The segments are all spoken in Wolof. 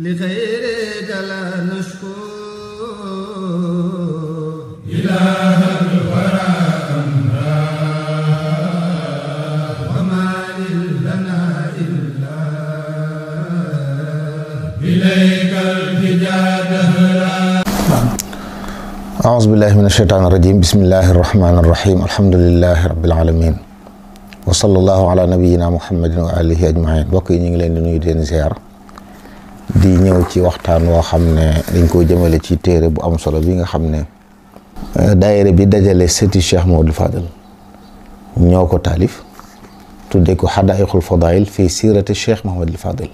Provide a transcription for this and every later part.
لغيرك لا نشكو إله الورى أمرا وما لنا إلا إليك التجا دهرا أعوذ بالله من الشيطان الرجيم بسم الله الرحمن الرحيم الحمد لله رب العالمين وصلى الله على نبينا محمد وآله أجمعين بقي نيغي لين نوي دين زياره di ñëw ci waxtaan woo xam ne dañ koo jëmale ci téere bu am solo bi nga xam ne euh, daayira bi dajale sëti Cheikh Maodou ñoo ko taalif tudde ko xadaayiqul fadail fii siirati Cheikh Mahamadul Fadal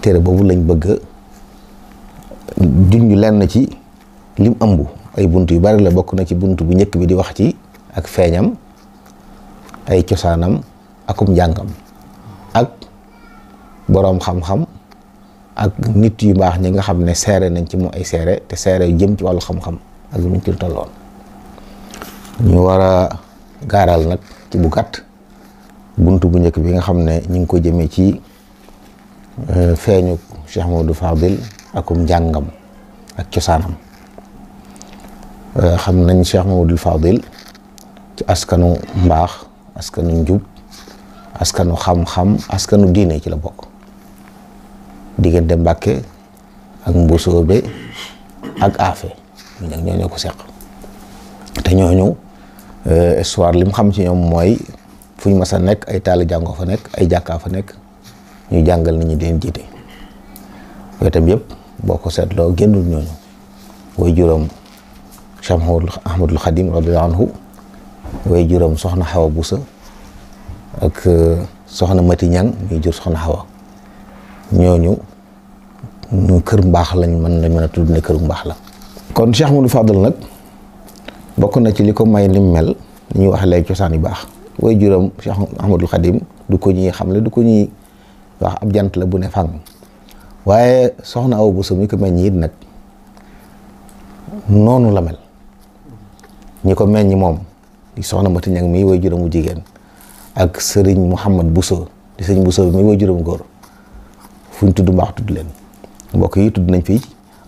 téere boobu lañ bëgg duñ lenn ci lim ëmb ay bunt yu bari la bokk na ci bunt bu njëkk bi di wax ci ak feeñam ay cosaanam akum njàngam boroom xam-xam ak nit yu mbaax ñi nga xam ne seere nañ ci moom ay seere te seere yu jëm ci wàllu xam-xam ak lu mu ñu war a gaaral nag ci bu gàtt bunt bu njëkk bi nga xam ne ñu ngi ko jëmee ci euh, feeñu Cheikh Modou Fadil akum njàngam ak cosaanam euh, xam nañ Cheikh Modou Fadil ci askanu mbaax askanu njub askanu xam-xam askanu diine ci la bokk diggante Mbàkke ak Mbusoobe ak Afe ñu nag ñoo ñoo ko seq te ñooñu euh, histoire li mu xam ci ñoom mooy fu ñu mas a nekk ay taal jàngoo fa nekk ay jàkkaa fa nekk ñu jàngal nit ñi leen jiite yooyu tam yëpp boo ko seetloo génnul ñooñu way juróom Cheikh Ahmadul Xadim radiyallahu anhu juróom soxna Xawa Busa ak euh, soxna Mati Ñang ñuy jur soxna Xawa ñooñu ñu kër mbaax lañ mën lañ mën a tudd ne kër mbaax la. kon Cheikh Modou Fadal nag bokk na ci li ko may lim mel li ñuy wax léegi cosaan yu baax way juróom Cheikh Ahmadul Xadim du ko ñuy xam le du ko ñuy wax ab jant la bu ne fang waaye soxna aw bu mi ko meññ it nag noonu la mel ñi ko meññ moom di soxna Mati Ñang mi way juróomu jigéen ak sëriñ Mouhamad Bousso di sëriñ Bousso bi mi way juróom góor fu ñu tudd mbaax tudd leen mbokk yi tudd nañ fi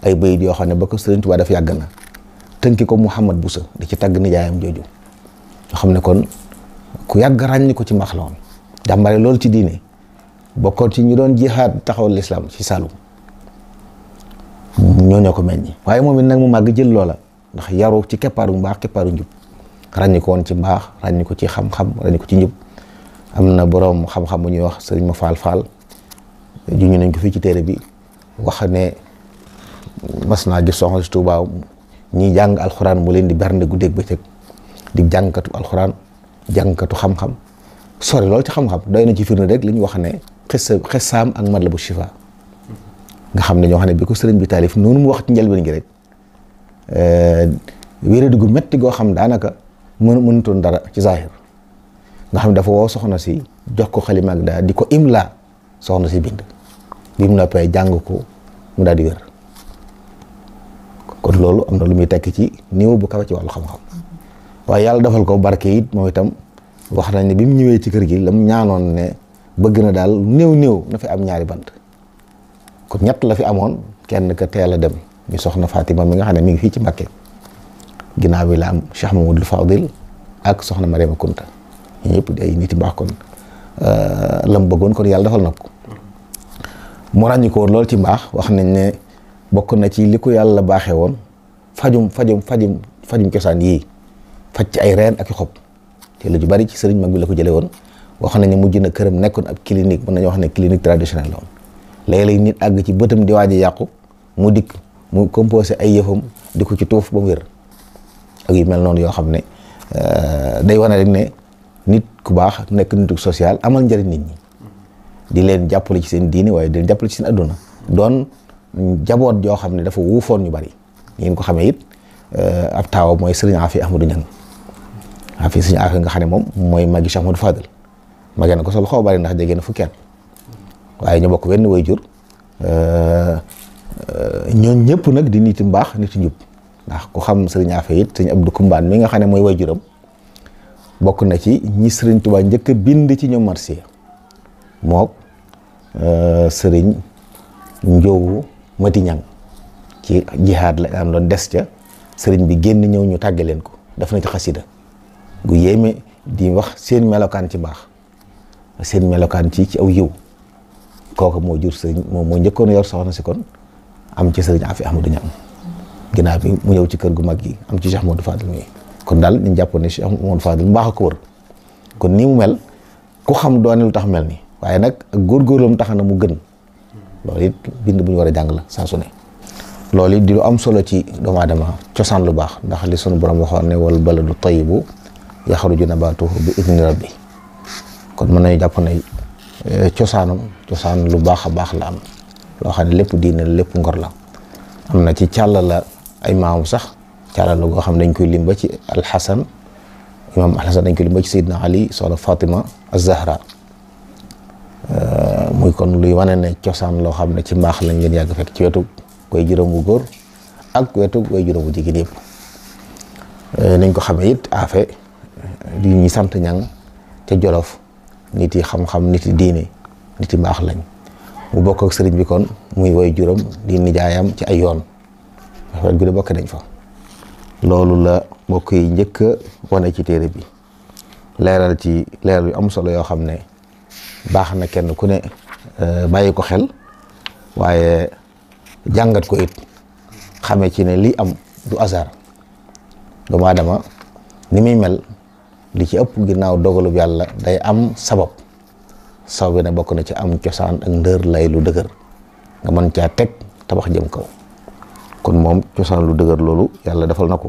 ay bayit yoo xam ne ba ko Sëriñ Tuubaa daf yàgg na tënki ko Mouhamad Boussa di ci tagg nijaayam jooju nga xam ne kon ku yàgg ràññi ko ci mbaax la woon loolu ci diine bokkoon ci ñu doon jihaad taxawal lislaam ci Saalum ñoo ñoo ko meññi waaye moom it nag mu màgg jël loola ndax yaru ci keppaaru mbaax keppaaru njub ràññi ko woon ci mbaax ràññi ko ci xam-xam ràññi ko ci njub am na boroom xam-xam bu ñuy wax sëriñ ma faal faal juñu nañ ko fii ci téere bi ne mas naa gis soxna jàng alxuraan mu leen di bernde guddeeg di jàngkatu alxuraan jàngkatu xam-xam lool ci xam-xam na ci firnde rek li ñu wax ne xes xesaam ak mat bu shifa nga xam ne ñoo xam ne bi ko sëriñ bi taalif noonu mu wax ci njëlbeen gi rek eh, wéradi metti goo xam daanaka mën mënutoon dara ci zahir nga xam dafa woo soxna si jox ko xalima ak daal di ko imla soxna si bind bi mu noppee jàng ko mu daal di wér kon loolu am na lu muy tekki ci niveau bu kawe ci wàllu xam-xam waaye yàlla defal ko barke it moom itam wax nañ ne bi mu ñëwee ci kër gi la mu ñaanoon ne bëgg na daal néew néew na fi am ñaari bant kon ñett la fi amoon kenn ka teel a dem ñu soxna Fatima mi nga xam ne mi ngi fii ci Mbàkke ginnaaw bi la am Cheikh Mamadou Fadil ak soxna Mariama Kunta ñëpp di ay nit yu kon euh, la mu bëggoon kon yàlla defal nag ko mu ràññi ko lool ci mbaax wax nañ ne bokk na ci li ko yàlla baaxee woon fajum fajum fajum fajum cosaan yii faj ci ay reen ak xob te lu ju bari ci sëriñ mag bi la ko jëlee woon wax nañ ne mujj na këram nekkoon ab clinique mën nañu wax ne clinique traditionnelle la woon léeg nit àgg ci bëtam di waaj a yàqu mu dikk mu composé ay yëfam di ko ci tuuf ba mu wér ak yu mel noonu yoo xam ne euh, day wane rek ne nit ku baax nekk nitu social amal njëriñ nit ñi. di leen jàppale ci seen diini waaye di leen jàppale ci seen adduna doon jaboot joo xam ne dafa wuufoon ñu bari ngeen ko xamee it eh, ab taawa mooy sëriñ Afi Ahmadou Niang Afi sëriñ Afi nga xam ne moom mooy magi Cheikh Ahmadou Fadal magee na ko solo xaw bari ndax jege na fukki at waaye ñu bokk wenn way jur eh, eh, ñoon ñëpp nag di nit mbaax nit njub ndax ku xam sëriñ Afe it sëriñ Abdou Kumbaan mi nga xam ne mooy waajuram bokk na ci ñi sëriñ Tuubaa njëkk a bind ci ñoom marsiya mook Euh, sëriñ Ndiobu Mati Ñang ci jihaad la des ca sëriñ bi génn ñëw ñu tàgge leen ko def na ci xasida gu yéeme di wax seen melokaan ci mbaax seen melokaan ci ci aw yiw kooku moo jur sëriñ moom moo njëkkoon yor soxna si kon am ci sëriñ Afi Ahmadou Ñang ginnaaw bi mu ñëw ci kër gu mag gi am ci Cheikh Modou Fadil mii kon daal ñu jàppoon ne Cheikh Modou Fadil mu baax ko wër kon nii mu mel ku xam doone lu tax mel ni waaye nag ak góorgóorlam tax na mu gën loolu it bind bu ñu war a jàng la saa su loolu it di lu am solo ci doomu aadama cosaan lu baax ndax li sunu borom waxoon ne wal baladu tayyibu yaxruju nabaatuhu bi idni rabbi kon mën nañu jàpp na eh, cosaanam cosaan lu baax a baax la am loo xam ne lépp diine la lépp ngor la am na ci càlla la ay maam sax càlla la goo xam ne dañ koy lim ba ci alxasan imaam dañ koy lim ci sayidna ali soxna fatima az-zahra Euh, muy kon luy wane ne cosaan loo xam ne ci mbaax lañ leen yàgg fekk ci wetu koy juróom bu góor ak wetu way juróom bu jigéen yëpp euh, nañ ko xamee it afe di ñi sant ñaŋ ca jolof nit yi xam-xam nit yi diine nit yi mbaax lañ mu bokk ak bi kon muy way juróom di nijaayam ci ay yoon rafet gu de bokk nañ fa loolu la mbokk yi njëkk a wane ci téere bi leeral ci leeral yu am solo yoo xam ne baax na kenn ku ne euh, bàyyi ko xel waaye jàngat ko it xamee ci ne lii am du hasard doomu aadama ni muy mel li ci ëpp ginnaaw dogalub yàlla day am sabab sabab bi ne bokk na ci am cosaan ak ndër lay lu dëgër nga mën caa teg tabax jëm kaw kon moom cosaan lu dëgër loolu yàlla defal na ko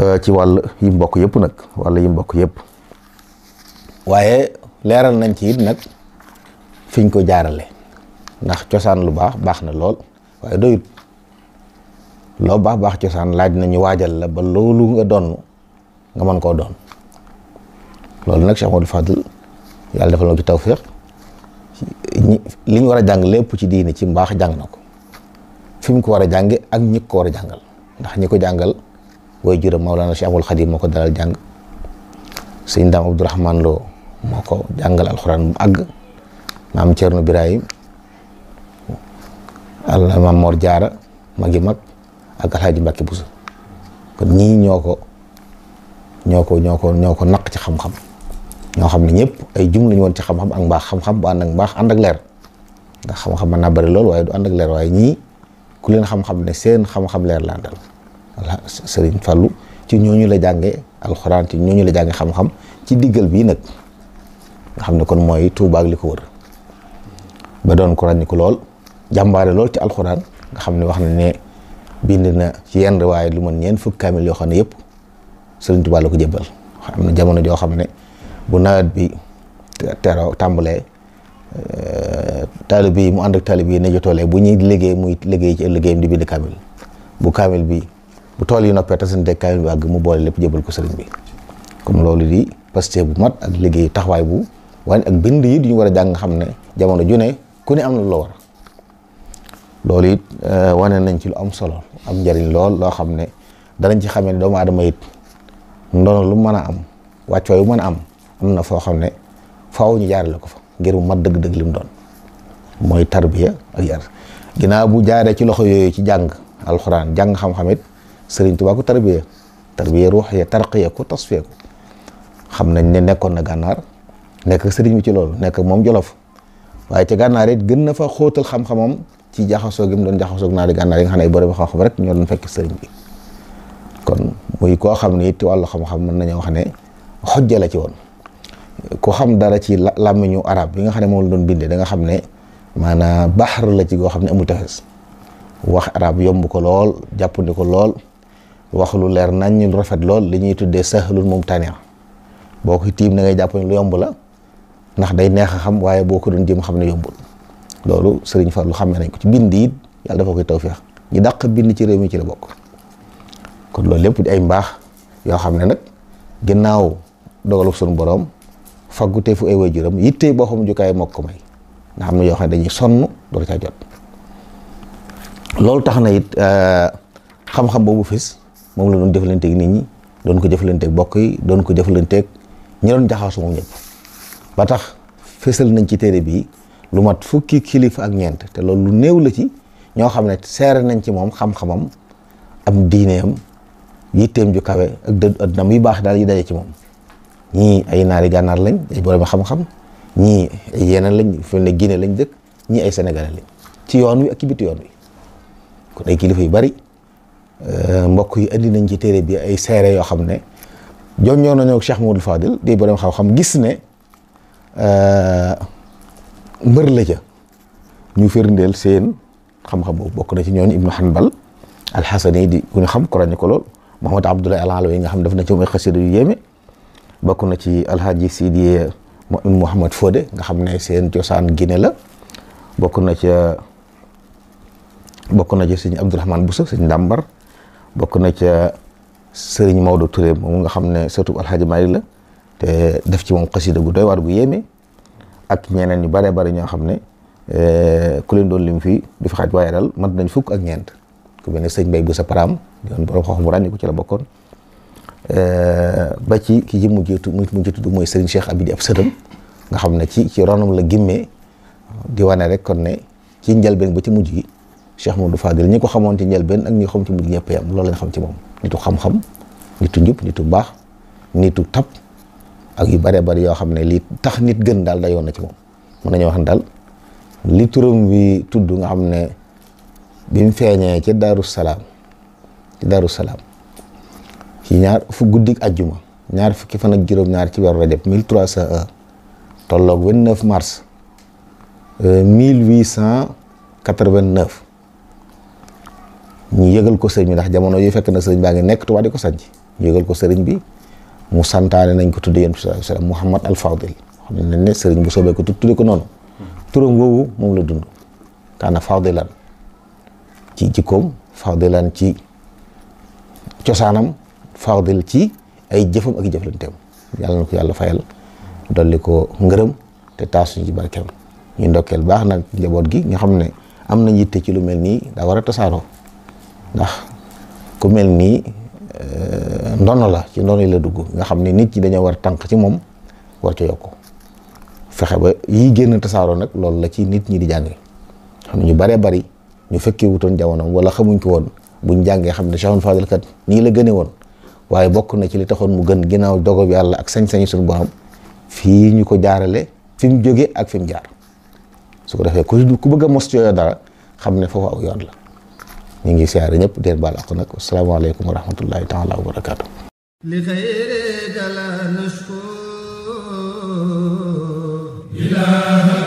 euh, ci wàll yi mbokk yëpp nag wàll yi mbokk yëpp waaye leeral nañ ci it nag fiñ ko jaarale ndax cosaan lu baax baax na lool waaye doyut loo baax baax cosaan laaj nañu waajal la ba loolu nga doon nga mën koo doon loolu nag Cheikh Modou Fadl yàlla defal na ci tawfiq li ñu war a jàng lépp ci diine ci mbaax jàng na ko fi mu ko war a jànge ak ñi ko war a jàngal ndax ñi ko jàngal booy juróom Mawlana Cheikh Abul moo ko dalal jàng sëñ Daam Abdourahman Lo moo ko jàngal alxuraan bu àgg maam Thierno Birahim allah maam Mor Jaara magi mag ak alxaaji Mbàkke Buso kon ñii ñoo ko ñoo ko ñoo ko ñoo ko naq ci xam-xam ñoo xam ne ñëpp ay jum lañu woon ci xam-xam ak mbaax xam-xam bu ànd ak mbaax ànd leer ndax xam-xam mën naa bari lool waaye du ànd ak leer waaye ñii ku leen xam-xam ne seen xam-xam leer la àndal walla Sëriñ Fallu ci ñooñu la jànge alxuraan ci ñooñu la jànge xam-xam ci diggal bii nag nga xam ne kon mooy Touba ak li ko wër ba doon ko ràññiku lool jàmbaare lool ci alxuraan nga xam ne wax na ne bind na ci yenn waaye lu mën ñeent fukk kaamil yoo xam ne yëpp Sëriñ Touba la ko jébbal na jamono joo xam ne bu nawet bi tero tàmbalee eh, taalib yi mu ànd ak taalib yi ne jotoolee bu ñuy liggéey muy liggéey ci liggéeyam di bind kaamil bu kaamil bi bu tool yi noppee tasante kaamil bi àgg mu boole lépp jébal ko sëriñ bi comme loolu di pasté bu mat ak liggéey taxawaay bu waaye ak bind yi du war a jàng xam ne jamono ju ne ku ne am na la war loolu it euh, wane nañ ci lu am solo am njëriñ lool loo xam ne danañ ci xamee ne doomu aadama it ndono lum mën a am wàcc waay bu mën a am am na foo xam ne faaw ñu jaarale ko fa ngir mu mat dëgg-dëgg li mu doon mooy tarbiya ak yar ginnaaw bu jaaree ci loxo yooyu ci jàng alxuraan jàng xam-xam it Sëriñ Tuubaa ko tarbiya tarbiya ruuxiya tarqiya ko tasfiya ko xam nañ ne nekkoon na gànnaar nekk sëriñ bi ci loolu nekk moom jolof waaye ca gànnaar it gën na fa xóotal xam-xamam ci jaxasoo gi mu doon jaxasoo naa di gànnaar yi nga xam ne borom xam-xam rek ñoo doon fekk sëriñ bi kon muy koo xam ne it wàllu xam-xam mën nañoo wax ne xojja la ci woon ku xam dara ci làmmiñu arab yi nga xam ne moom la doon bindee da nga xam ne maanaam baxar la ci goo xam ne amul tefes wax arab yomb ko lool jàppandi ko lool wax lu leer nañ ñu rafet lool li ñuy tuddee sahlul mumtania boo ko tiim da ngay jàpp lu yomb la. ndax day neex a xam waaye boo ko doon jéem xam ne yombul loolu sëriñ Fallu xam nañ ko ci bind it yàlla dafa koy tawféex ñi dàq bind ci réew mi ci la bokk kon loolu lépp di ay mbaax yoo xam ne nag ginnaaw dogalu sunu borom faggu te fu ay waajuram yitte boo xam jukaay moo ko may nga xam ne yoo dañuy sonn door caa jot tax na it eh, xam-xam boobu fis moom la doon jëflanteeg nit ñi doon ko jëflanteeg bokk yi doon ko jëflanteeg ñi doon jaxasoo ñëpp. ba tax fësal nañ ci téere bii lu mat fukki kilifa ak ñeent te loolu lu néew la ci ñoo xam ne seere nañ ci moom xam-xamam am diineem yitteem ju kawe ak dëddam yu baax daal yi daje ci moom ñii ay naari gànnaar lañ ay borom xam-xam ñii ay yeneen lañ fi ne Guinée lañ dëkk ñii ay sénégalais ci yoon wi ak yoon wi kon ay kilifa yu bari euh, mbokk yi indi nañ ci téere bi ay seere yoo xam ne joññoo nañoo Cheikh Modou Fadil di borom xam-xam gis ne Euh, mbër la ca ñu firndeel seen xam-xam boobu bokk na ci ñooñu Ibnu Hanbal alxasani di ku ñu xam korañ ko lool Muhammad Abdoulaye Alaalawi yi nga xam def na ci moom ay xasida yu yéeme bokk na ci alxaaji Sidi Muhammad Fodé nga xam ne seen cosaan Guinée la bokk na ca bokk na ca sëñ Abdourahmane Bousso sëñ Ndàmbar bokk na ca sëriñ Maodo ture moom nga xam ne sëtu alxaaji Malik la te def ci moom xasida gu doy waar gu yéeme ak ñeneen ñu bare bari ñoo xam ne eh, ku leen doon lim fii du fi xaaj waaye dal mat dañ fukk ak ñeent ku mel ne sëñ Bay bu sa param ko ci la bokkoon eh, ba ci ki ji mu jiitu mu mu jiitu mooy Serigne Cheikh Abidi ab sëtam nga xam ne ci ci ronam la gimmee di wane rek kon ne ci njëlbeen ba ci mujj gi Cheikh Modou Fadil ñi ko xamoon ci njëlbeen ak ñi ko xam ci mujj ñëpp yam loolu lañ xam ci moom nitu xam-xam nitu njub baax nitu tab ak yu bare bari yoo xam ne lii tax nit gën daal dayoon na ci moom mën nañu wax ne daal li turoom bi tudd nga xam ne bi mu feeñee ci Daaru Salaam ci Daaru Salaam ci ñaar fu guddik ajjuma ñaar fukki fan ak juróom-ñaar ci weeru rajab 1301 tolloog 29 mars 1889 euh, ñu yëgal ko sëriñ bi ndax jamono yu fekk na sëriñ baa ngi nekk Tuubaa di ko sanc ñu yëgal ko sëriñ bi mu santaane nañ ko tudd yonent bi sallallahu alayhi wasallam Muhammad al Fadil xam nañ ne sëriñ bu soobee ko tudde ko noonu turam woowu moom la dund kaana fadilan ci jikkoom fadilan ci cosaanam fadil ci ay jëfam ak jëflanteem yàlla na ko yàlla fayal dolli ko ngërëm te taasuñ ci barkeem ñu ndokkeel baax na njaboot gi nga xam ne am nañ yitte ci lu mel nii daa war a tasaaroo ku mel nii ndono la ci ndono yi la dugg nga xam ne nit ñi dañoo war a tànk ci moom war ca fexe ba yi génn tasaaroo nag loolu la ci nit ñi di jànge xam ne ñu bare bari ñu fekkee wutoon jamonoom wala xamuñ ko woon buñ jàngee xam ne Cheikhul Fadil kat nii la gëne woon waaye bokk na ci li taxoon mu gën ginnaaw dogob yàlla ak sañ-sañi suñu borom fii ñu ko jaarale fi mu jóge ak fi mu jaar su ko defee ku bëgg a mos yooyu dara xam ne foofu aw yoon la ñu ngi siyaare ñëpp deen baal ak nag asalaamaaleykum wa rahmatullahi